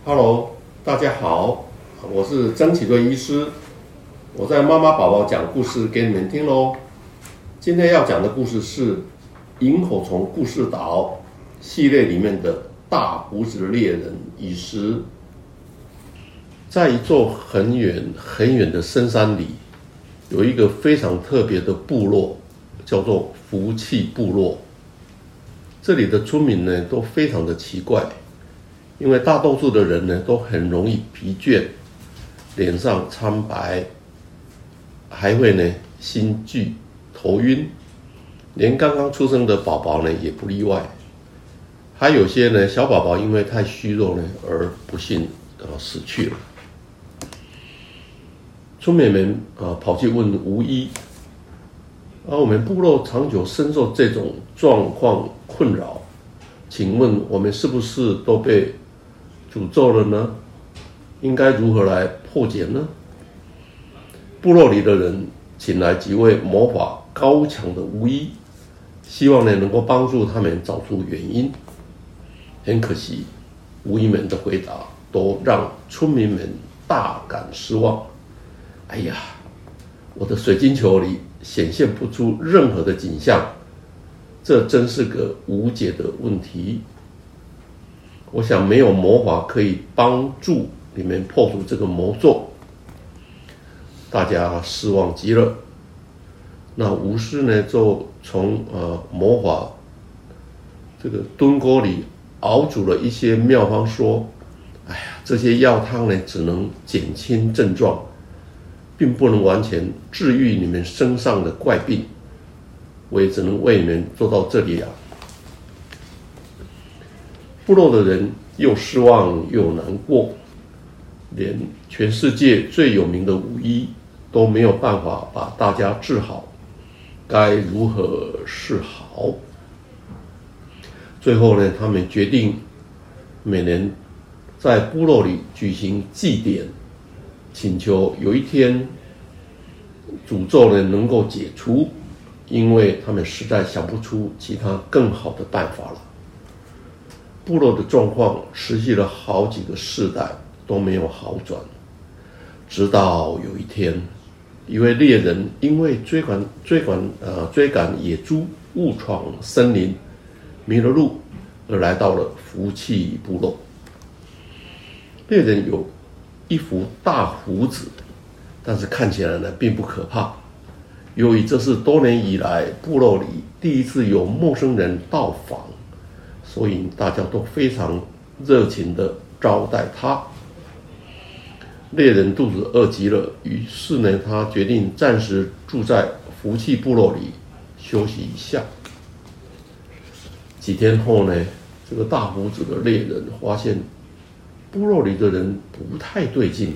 哈嘍，Hello, 大家好，我是曾啟瑞醫師，我在媽媽寶寶講故事給你們聽嘍。今天要講的故事是《螢火蟲故事島》系列裡面的大鬍子獵人醫師。在一座很遠很遠的深山裡，有一個非常特別的部落，叫做福氣部落。這裡的村民呢，都非常的奇怪。因為大多數的人呢，都很容易疲倦，臉上蒼白，還會呢心悸、頭暈，連剛剛出生的寶寶呢也不例外。還有些呢小寶寶因為太虛弱呢而不幸、呃、死去了。村民們啊、呃、跑去問巫醫，啊我們部落長久深受這種狀況困擾，請問我們是不是都被？詛咒了呢，應該如何來破解呢？部落裡的人請來幾位魔法高強的巫醫，希望呢能夠幫助他們找出原因。很可惜，巫醫們的回答都讓村民們大感失望。哎呀，我的水晶球裡顯現不出任何的景象，這真是個無解的問題。我想沒有魔法可以幫助你們破除這個魔咒，大家失望極了。那巫師呢，就從呃魔法這個燉鍋裡熬煮了一些妙方說：“哎呀，這些藥湯呢，只能減輕症狀，並不能完全治癒你們身上的怪病。我也只能為你們做到這裡啊。”部落的人又失望又難過，連全世界最有名的巫醫都沒有辦法把大家治好，該如何是好？最後呢，他們決定每年在部落裡舉行祭典，請求有一天詛咒呢能夠解除，因為他們實在想不出其他更好的辦法了。部落的狀況持續了好幾個世代都沒有好轉，直到有一天，一位獵人因為追趕、追趕、呃、啊、追趕野豬誤闖森林，迷了路，而來到了福氣部落。獵人有一副大鬍子，但是看起來呢並不可怕。由於這是多年以來部落裡第一次有陌生人到訪。所以大家都非常熱情地招待他。獵人肚子餓極了，於是呢，他決定暫時住在福氣部落裡休息一下。幾天後呢，這個大鬍子的獵人發現部落裡的人不太對勁，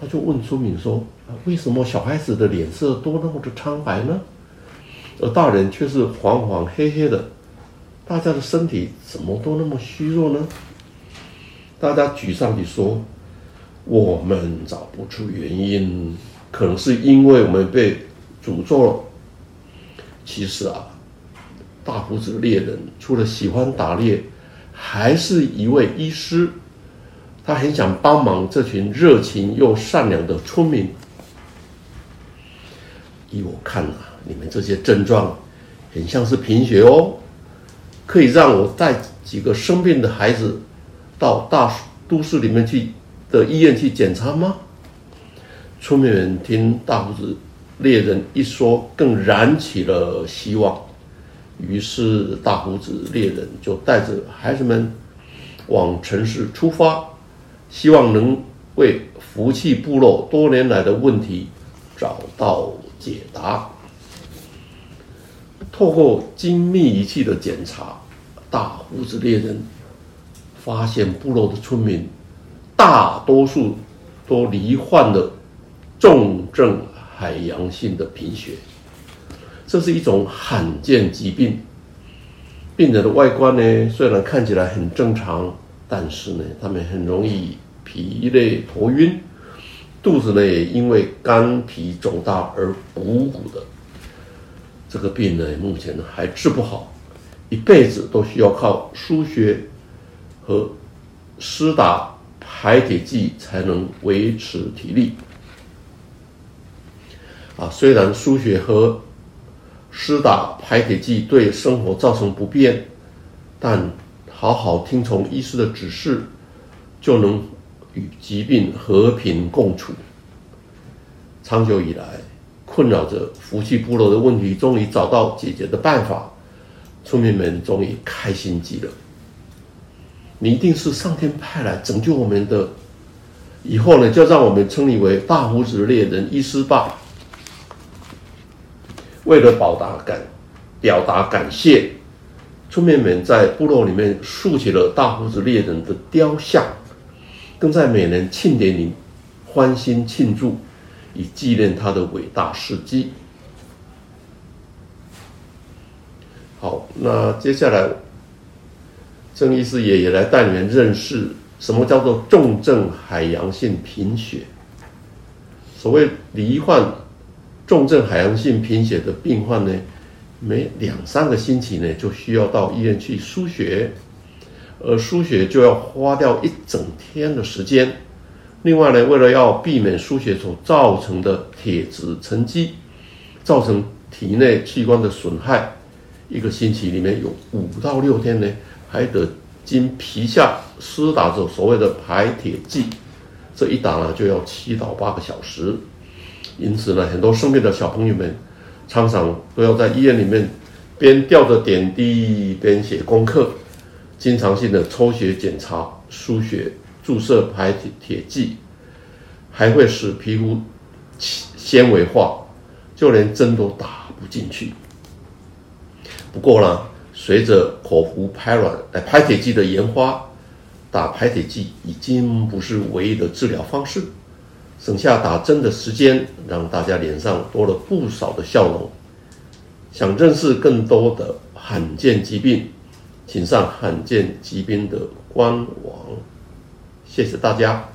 他就問村民說：“為什麼小孩子的臉色都那麼的蒼白呢？而大人卻是黃黃黑黑的？”大家的身體怎麼都那麼虛弱呢？大家沮喪地說：“我們找不出原因，可能是因為我們被詛咒了。”其實啊，大鬍子獵人除了喜歡打獵，還是一位醫師，他很想幫忙這群熱情又善良的村民。依我看啊，你們這些症狀很像是貧血哦。可以讓我帶幾個生病的孩子到大都市裡面去的醫院去檢查嗎？村民們聽大鬍子獵人一說，更燃起了希望。於是，大鬍子獵人就帶着孩子們往城市出發，希望能為福氣部落多年來的問題找到解答。透過精密儀器的檢查，大鬍子獵人發現部落的村民大多數都罹患了重症海洋性的貧血。這是一種罕見疾病。病人的外觀呢，雖然看起來很正常，但是呢，他們很容易疲累、頭暈，肚子呢也因為肝脾腫大而鼓鼓的。這個病呢，目前呢還治不好，一輩子都需要靠輸血和施打排鐵劑才能維持體力。啊，雖然輸血和施打排鐵劑對生活造成不便，但好好聽從醫師的指示，就能與疾病和平共處。長久以來，困擾着福氣部落的問題，終於找到解決的辦法，村民們終於開心極了。你一定是上天派來拯救我們的，以後呢，就讓我們稱你為大鬍子獵人醫師吧。為了表達感，表達感謝，村民們在部落裡面豎起了大鬍子獵人的雕像，更在每年慶典裡歡欣慶祝，以紀念他的偉大事蹟。好，那接下來，曾醫師也也來帶你們認識什麼叫做重症海洋性貧血。所謂罹患重症海洋性貧血的病患呢，每兩三個星期呢就需要到醫院去輸血，而輸血就要花掉一整天的時間。另外呢，為了要避免輸血所造成的鐵質沉積，造成體內器官的損害，一個星期裡面有五到六天呢，還得經皮下施打着所謂的排鐵劑，這一打呢就要七到八個小時，因此呢，很多生病的小朋友們，常常都要在醫院裡面邊吊着點滴邊寫功課，經常性的抽血檢查、輸血。注射排鐵鐵劑還會使皮膚纖維化，就連針都打不進去。不過呢，隨着口服排卵，呃，排鐵劑的研發，打排鐵劑已經不是唯一的治療方式，省下打針的時間，讓大家臉上多了不少的笑容。想認識更多的罕見疾病，請上罕見疾病的官網。謝謝大家。